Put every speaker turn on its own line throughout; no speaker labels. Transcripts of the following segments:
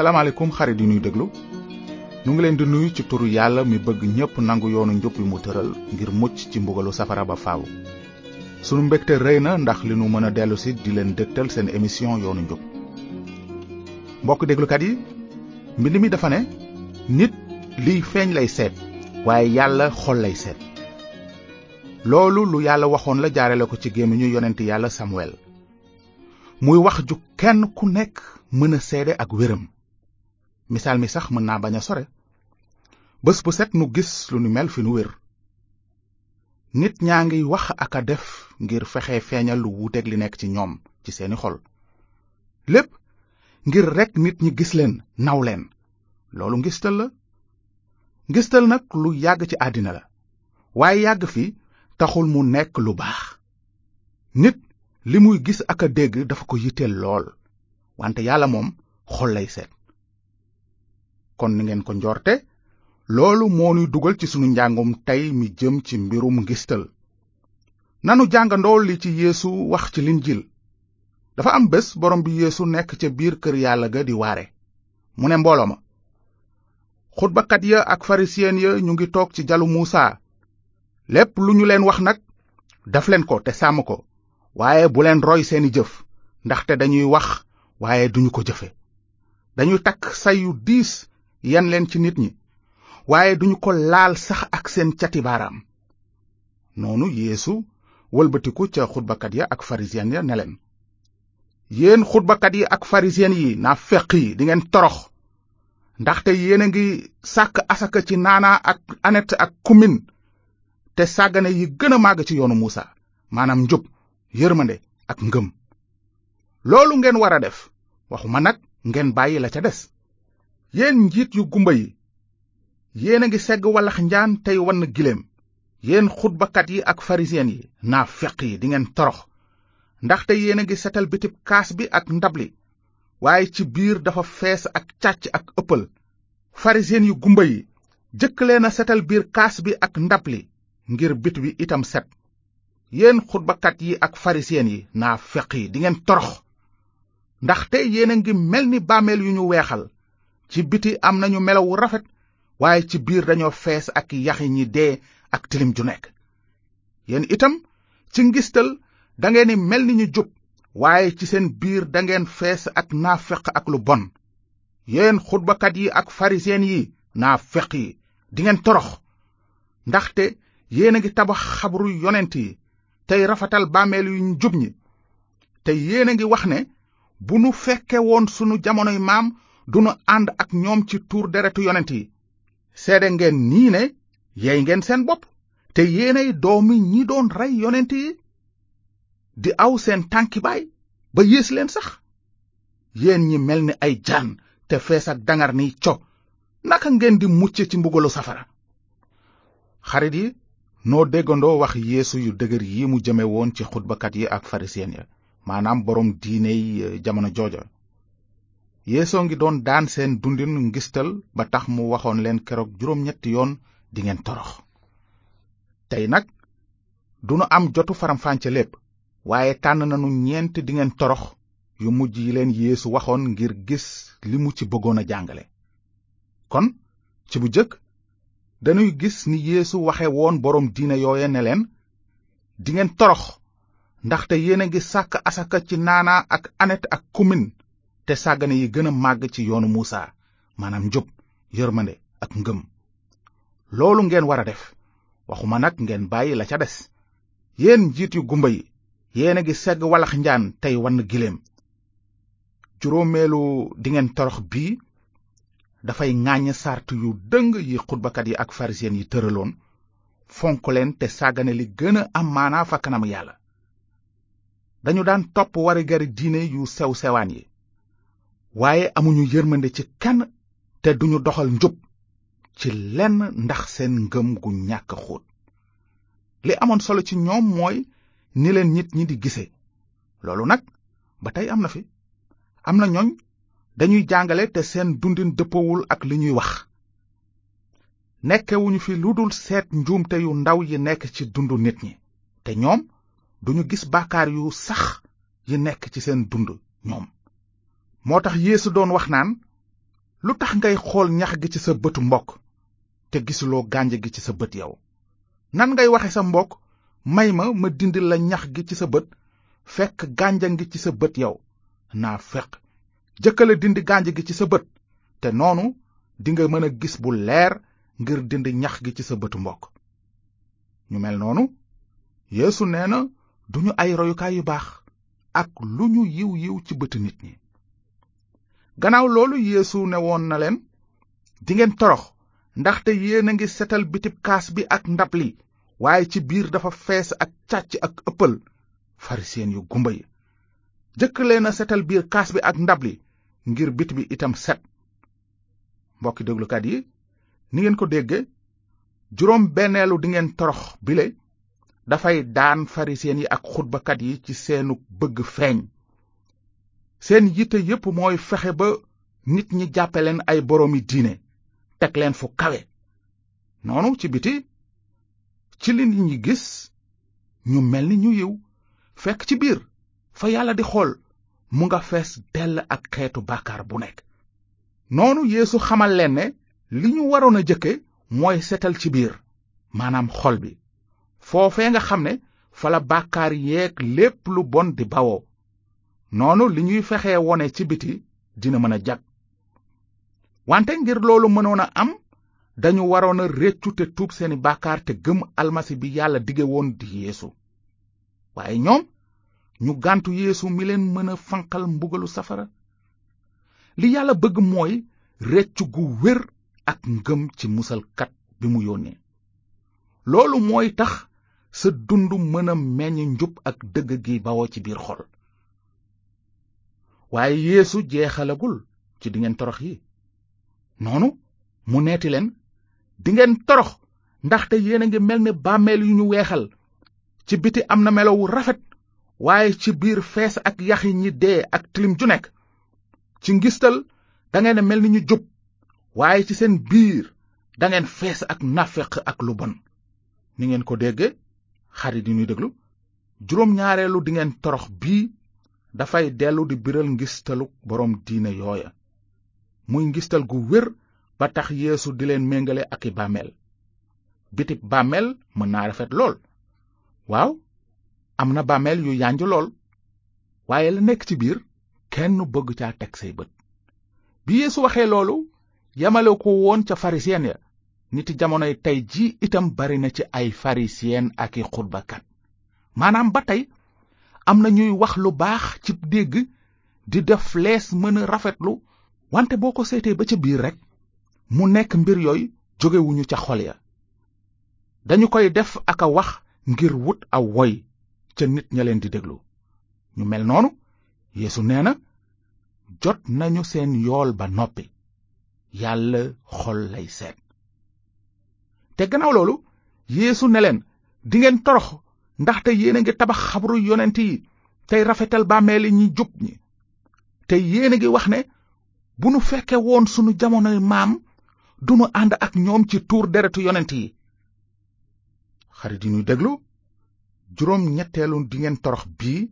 salaamaaleykum xarit yi ñuy déglu ñu ngi leen di nuyu ci turu yàlla mi bëgg ñépp nangu yoonu njub wi mu tëral ngir mucc ci mbugalu safara ba faaw sunu mbégte rey na ndax li nu mën a dellu si di leen dëgtal seen émission yoonu njub mbokk déglukat yi mbind mi dafa ne nit liy feeñ lay seet waaye yàlla xool lay seet loolu lu yàlla waxoon la jaarale ko ci gémmiñu yonent yàlla Samuel muy wax ju kenn ku nekk mën a seede ak wéram misaal mi sax mën naa bañ a sore bés bu set nu gis lu nu mel fi nu wér nit ñaa ngi wax ak a def ngir fexe feeñal lu wuuteeg li nekk ci ñoom ci seeni xol lépp ngir rekk nit ñi gis leen naw leen loolu ngistal la ngistal nag lu yàgg ci àddina la waaye yàgg fi taxul mu nekk lu baax nit li muy gis ak a dégg dafa ko yitteel lool wante yàlla moom xol lay seet kon ni ngeen ko njorte loolu moo dugal ci sunu njàngum tey mi jëm ci mbirum ngistal nanu jàngandoo li ci yéesu wax ci jil dafa am bés borom bi yeesu nekk ca biir kër yàlla ga di waare mu ne mbooloo ma xutbakat ya ak farisiyen ya ñu ngi toog ci jalu muusa lépp lu ñu leen wax nag daf leen ko te sàmm ko waaye bu leen roy seeni jëf ndaxte dañuy wax waaye duñu ko jëfe dañuy takk say diis yan leen ci nit ñi waaye duñu ko laal sax ak seen cati noonu yéesu wëlbatiku ca xutbakat ya ak farisiyen ya ne leen yéen xutbakat yi ak farisiyen yi naa feq yi dingeen torox ndaxte yéen a ngi sàkk asaka ci naanaa ak anet ak kumin te sàggane yi gën a màgg ci yoonu muusa maanaam njub yërmande ak ngëm loolu ngeen war a def ma nag ngeen bàyyi la ca des yéen njiit yu gumba yi yéen a ngi segg wallax njaan tey wann gileem yéen xutbakat yi ak farisiyen yi naa feq yi dingeen torox ndaxte yéen a ngi setal bitib kaas bi ak ndabli waaye ci biir dafa fees ak càcc ak ëppal farisiyen yu gumba yi jëkk leen a setal biir kaas bi ak ndab li ngir bit bi itam set yéen xutbakat yi ak farisiyen yi naa feq yi dingeen torox ndaxte yéen a ngi mel ni bàmmeel yu ñu weexal ci biti am nañu melaw wu rafet waaye ci biir dañoo fees ak yaxi ñi dee ak tilim ju nekk yéen itam ci ngistal dangeen ni mel ni ñu jub waaye ci seen biir dangeen fees ak naafeq ak lu bon yéen xutbakat yi ak farisiyen yi feq yi dingeen torox ndaxte yéen a ngi tabax xabru yonent yi tey rafetal bàmmeel yu ñu jub ñi te yéen a ngi wax ne bu nu fekke woon sunu jamonoy maam dunu ànd ak ñoom ci tuur deretu yonent yi seede ngeen nii ne yey ngeen seen bopp te yéenay doomi ñi doon rey yonent yi di aw seen tànki baay ba yées leen sax yéen ñi mel ni ay jaan te fees ak dangar ni co naka ngeen di mucce ci mbugalu safara xarit yi noo déggandoo wax yéesu yu dëgër yi mu jëme woon ci xutbakat yi ak farisiyen ya maanaam boroom diine yi eh, jamono jooja yeesoo ngi doon daan seen dundinu ngistal ba tax mu waxoon leen keroog juróom ñetti yoon dingeen torox tey nag dunu am jotu faramfànce lépp waaye tànn nanu ñeent dingeen torox yu mujj yi leen yeesu waxoon ngir gis li mu ci bëggoon a jàngale kon ci bu jëkk dañuy gis ni yéesu waxe woon boroom diine yooye ne leen dingeen torox ndaxte yéen a ngi sàkk asaka ci naanaa ak anet ak kumin te sàggane yi gën a màgg ci yoonu Muusa maanaam njub yërmande ak ngëm loolu ngeen war a def waxuma nag ngeen bàyyi la ca des yéen njiit yu gumba yi yéen a ngi segg walax njaan tey wann gileem juróomeelu dingeen torox bii dafay ŋàññ sart yu dëng yi xutbakat yi ak farisiyen yi tëraloon fonk leen te sàggane li gën a am maanaa kanam yàlla dañu daan topp warigari diine yu sew sewaan yi waaye amuñu yërmande ci kenn te duñu doxal njub ci lenn ndax seen ngëm gu ñàkk xóot li amoon solo ci ñoom mooy ni leen nit ñi di gisee loolu nag ba tey am na fi am na ñooñ dañuy jàngale te seen dundin dëppowul ak li ñuy wax nekkewuñu fi lu dul seet njuumte yu ndaw yi nekk ci dundu nit ñi te ñoom duñu gis bàkkaar yu sax yi nekk ci seen dund ñoom moo tax yeesu doon wax naan lu tax ngay xool ñax gi ci sa bëtu mbokk te gisuloo gànj gi ci sa bët yow nan ngay waxe sa mbokk may ma ma dindi la ñax gi ci sa bët fekk gànja gi ci sa bët yow naa fekk jëkkale dindi gànj gi ci sa bët te noonu dinga mën a gis bu leer ngir dindi ñax gi ci sa bëtu mbokk ñu mel noonu yeesu nee na duñu ay royukaay yu baax ak lu ñu yiw yiw ci bëtu nit ñi gannaaw loolu yéesu ne woon na leen dingeen torox ndaxte yéen a ngi setal bitib kaas bi ak ndab li waaye ci biir dafa fees ak càcc ak ëppal fariseen yu gumba yi jëkk leen a setal biir kaas bi ak ndab li ngir bit bi itam set mbokki déglukat yi ni ko dégge juróom benneelu dingeen torox bile dafay daan fariseen yi ak xutbakat yi ci seenu bëgg feeñ seen yitte yépp mooy fexe ba nit ñi jàppe leen ay boroomi diine teg leen fu kawe noonu ci biti ci li nit ñi gis ñu mel ni ñu yiw fekk ci biir fa yàlla di xool mu nga fees dell ak xeetu bàkkaar bu nekk noonu yéesu xamal leen ne li ñu waroon a jëkke mooy setal ci biir maanaam xol bi foofee nga xam ne fala bàkkaar yeeg lépp lu bon di bawoo noonu li ñuy fexe wone ci biti dina mën a jag wante ngir loolu mënoon a am dañu waroon a réccu te tuub seeni bàkkaar te gëm almasi bi yàlla dige woon di yeesu waaye ñoom ñu gàntu yéesu mi leen mën a fanqal mbugalu safara li yàlla bëgg mooy réccu gu wér ak ngëm ci musalkat bi mu yónnee loolu mooy tax sa dund mën a meññ njub ak dëgg gi bawoo ci biir xol waaye yéesu jeexalagul ci dingeen torox yi noonu mu neeti leen dingeen torox ndaxte yéen a ngi mel ni bàmmeel yu ñu weexal ci biti am na melowu rafet waaye ci biir fees ak yax yi ñi dee ak tilim ju nekk ci ngistal dangeen a mel ni ñu jub waaye ci seen biir dangeen fees ak nafeq ak lu bon ni ngeen ko dégge xarit yi ñuy déglu juróom ñaareelu dingeen torox bii dafay dellu di biral ngistaluk boroom diine yooya muy ngistal gu wér ba tax yeesu di leen méngale ak i bàmmeel bitib bàmmeel mën naa rafet lool waaw am na bàmmeel yu yànj lool waaye la nekk ci biir kenn bëgg caa teg say bët bi yeesu waxee loolu yamale ko woon ca farisiyen ya niti jamonoy tey ji itam bari na ci ay farisiyen ak i xutbakat maanaam ba tey am na ñuy wax lu baax ci dégg di def lees mën a rafetlu wante boo ko seetee ba ca biir rek mu nekk mbir yooyu jógewuñu ca xol ya dañu koy def ak a wax ngir wut aw woy ca nit ña leen di déglu ñu mel noonu yéesu nee na jot nañu seen yool ba noppi yàlla xol lay seet te loolu Yeesu ne leen dingeen torox ndaxte yéen a ngi tabax xabru yonent yi tey rafetal bàmmeeli ñi jub ñi te yéen a ngi wax ne bu nu fekkee woon sunu jamonoy maam du nu ànd ak ñoom ci tuur deretu yonent yi xarit yi déglu juróom ñetteelu di torox bii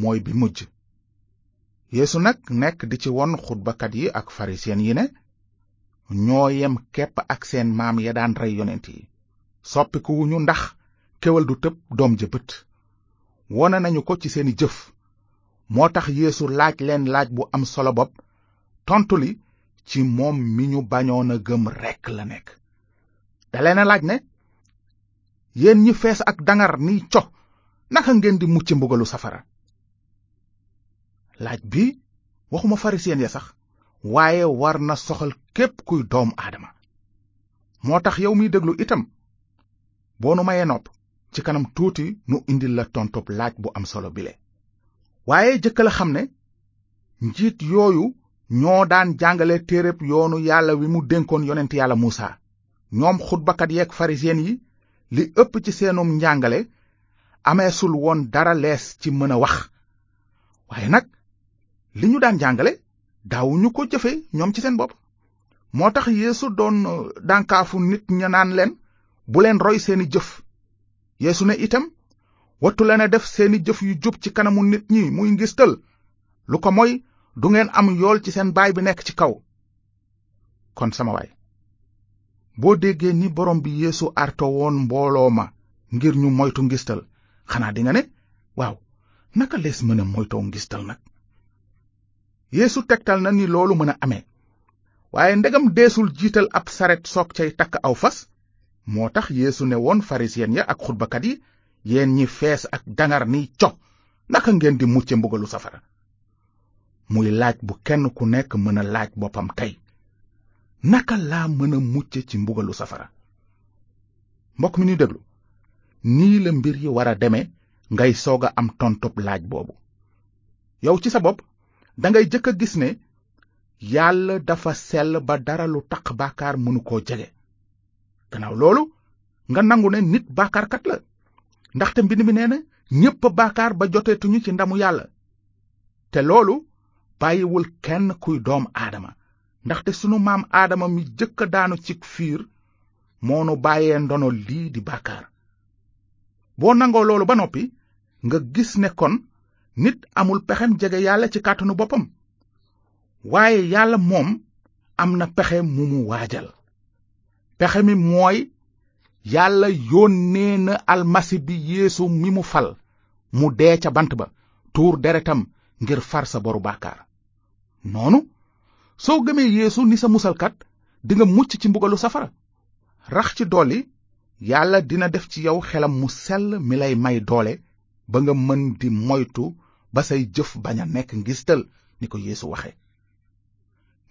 mooy bi mujj yéesu nag nekk di ci won xutbakat yi ak farisiyen yi ne ñoo yem képp ak seen maam ya daan rey yonent yi soppikuwuñu ndax kéwal du tëb doom ja bët wone nañu ko ci seeni jëf moo tax yéesu laaj leen laaj bu am solo bopp tontu li ci moom mi ñu bañoon a gëm rekk la nekk dalee na laaj ne yéen ñi fees ak dangar ni co ndaxa ngeen di mucc mbugalu safara laaj bi waxuma fariseen ya sax waaye war na soxal képp kuy doom aadama moo tax yow miy déglu itam boo nu mayee nopp ci kanam tuuti nu indil la tontub laaj bu am solo bile waaye jëkka la xam ne njiit yooyu ñoo daan jàngale téereb yoonu yàlla wi mu dénkoon yonent yàlla muusa ñoom xutbakat yeek farisiyen yi li ëpp ci seenum njàngale ameesul woon dara lees ci mën a wax waaye nag li ñu daan jàngale daawuñu ko jëfe ñoom ci seen bopp moo tax yéesu doon dànkaafu nit ña naan leen bu leen roy seeni jëf yéesu ne itam wattu leen a def seeni jëf yu jub ci kanamu nit ñi muy ngistal lu ko moy du ngeen am yool ci seen baay bi nekk ci kaw kon sama waay boo déggee ni borom bi yéesu arto woon mbooloo ma ngir ñu moytu ngistal xanaa dinga ne waaw naka lees mën moytoo ngistal nag yéesu tegtal na ni loolu mën a amee waaye ndegam deesul jiital ab saret sook cay takk aw fas moo tax yeesu ne woon farisiyen ya ak xutbakat yi yéen ñi fees ak dangar ni co naka ngeen di mucce mbugalu safara muy laaj bu kenn ku nekk mën a laaj boppam tey naka laa mën a mucce ci mbugalu safara mbokk mi ni déglu nii la mbir yi war a deme ngay soog a am tontub laaj boobu yow ci sa bopp dangay jëkk a gis ne yàlla dafa sell ba dara lu taq baakaar mënu koo jege gannaaw loolu nga nangu ne nit baakaarkat la ndaxte mbind mi nee na ñépp a baakaar ba joteetuñu ci ndamu yàlla te loolu bàyyiwul kenn kuy doom aadama ndaxte sunu maam aadama mi jëkk a daanu ci fiir moonu bàyyee ndono lii di baakaar boo nangoo loolu ba noppi nga gis nekkoon nit amul pexem jege yàlla ci kàttanu boppam waaye yàlla moom am na pexe mu mu waajal pexe mi mooy yàlla yónnee na almasi bi yéesu mi mu fal mu dee ca bant ba tuur deretam ngir far sa boru bàkkaar noonu soo gëmee yéesu ni sa musalkat dinga mucc ci mbugalu safara rax ci dolli yàlla dina def ci yow xelam mu sell mi lay may doole ba nga mën di moytu ba say jëf bañ a nekk ngistal ni ko yéesu waxe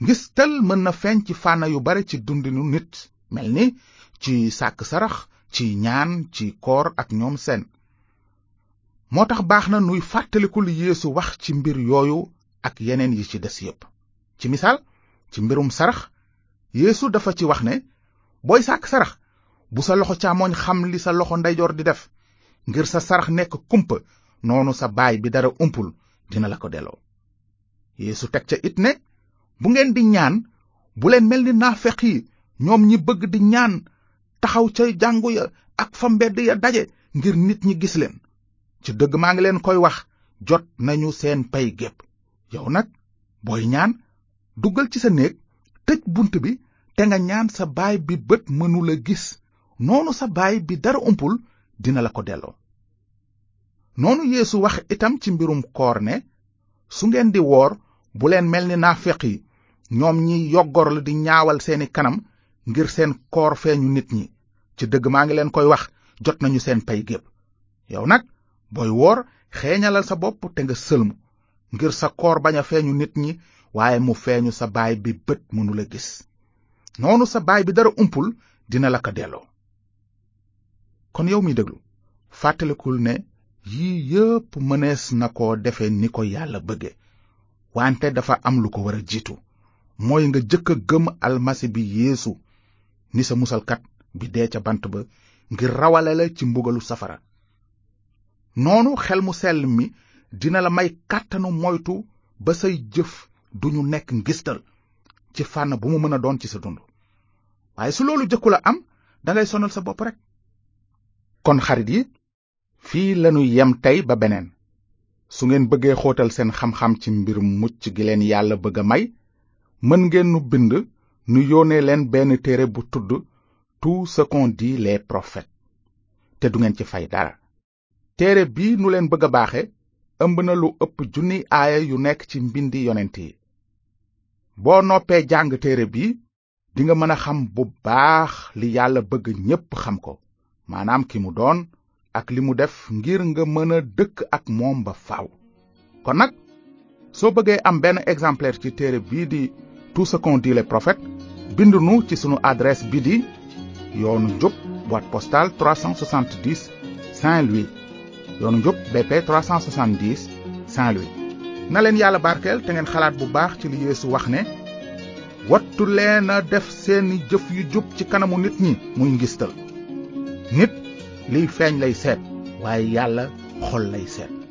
ngistal mën na feeñ ci fànna yu bare ci dundinu nit mel ni ci sàkk sarax ci ñaan ci koor ak ñoom seen moo tax baax na nuy fàttaliku li Yeesu wax ci mbir yooyu ak yeneen yi ci des yépp ci misaal ci mbirum sarax yéesu dafa ci wax ne booy sàkk sarax bu sa loxo càmmoñ xam li sa loxo ndeyjoor di def ngir sa sarax nekk kumpa noonu sa baay bi dara umpul dina la ko delloo Yeesu ñoom ñi bëgg di ñaan taxaw ca jàngu ya ak fa mbedd ya daje ngir nit ñi gis leen ci dëgg maa ngi leen koy wax jot nañu seen pay gépp yow nag booy ñaan duggal ci sa néeg tëj bunt bi te nga ñaan sa baay bi bët mënula gis noonu sa baay bi dara umpul dina la ko delloo noonu yeesu wax itam ci mbirum koor ne su ngeen di woor bu leen mel ni naafeq yi ñoom ñi yoggor la di ñaawal seeni kanam ngir seen koor feeñu nit ñi ci dëgg maa ngi leen koy wax jot nañu seen pay gépp yow nag booy woor xeeñalal sa bopp te nga sëlmu ngir sa koor bañ a feeñu nit ñi waaye mu feeñu sa baay bi bët mënula gis noonu sa baay bi dara umpul dina la ko delloo kon yow mi déglu fàttalikul ne yii yépp mënees na ko defe ni ko yàlla bëgge wante dafa am lu ko wara a jiitu mooy nga jëkk a gëm almasi bi yéesu ni sa musalkat bi dee ca bant ba ngir rawale la ci mbugalu safara noonu xel mu sell mi dina la may kàttanu moytu ba say jëf duñu nekk ngistal ci fànn bu mu mën a doon ci sa dund waaye su loolu jëkku la am dangay sonal sa bopp rek kon xarit yi fii lanu yem tey ba beneen su ngeen bëggee xóotal seen xam-xam ci mbir mucc gi leen yàlla bëgg a may mën ngeen nu bind nu yónnee leen benn téere bu tudd tout ce qu'ont le les te du ngeen ci fay dara téere bi nu leen bëgg baaxe ëmb na lu ëpp junni aaya yu nekk ci mbindi yonent yi boo noppee jàng téere bi nga mën a xam bu baax li yàlla bëgg ñépp xam ko maanaam ki mu doon ak li mu def ngir nga mën a dëkk ak moom ba faw kon nag soo bëggee am benn exemplaire ci téere bii di tout ce qu'ont dit les bindu nu ci sunu adresse bi di yoonu njub boîte postale 370 Saint-Louis yoonu njub BP 370 Saint-Louis. na leen yàlla barkeel te ngeen xalaat bu baax ci li Yeesu wax ne wattu leen a def seeni jëf yu jub ci kanamu nit ñi muy ngistal nit liy feeñ lay seet waaye yàlla xol lay seet.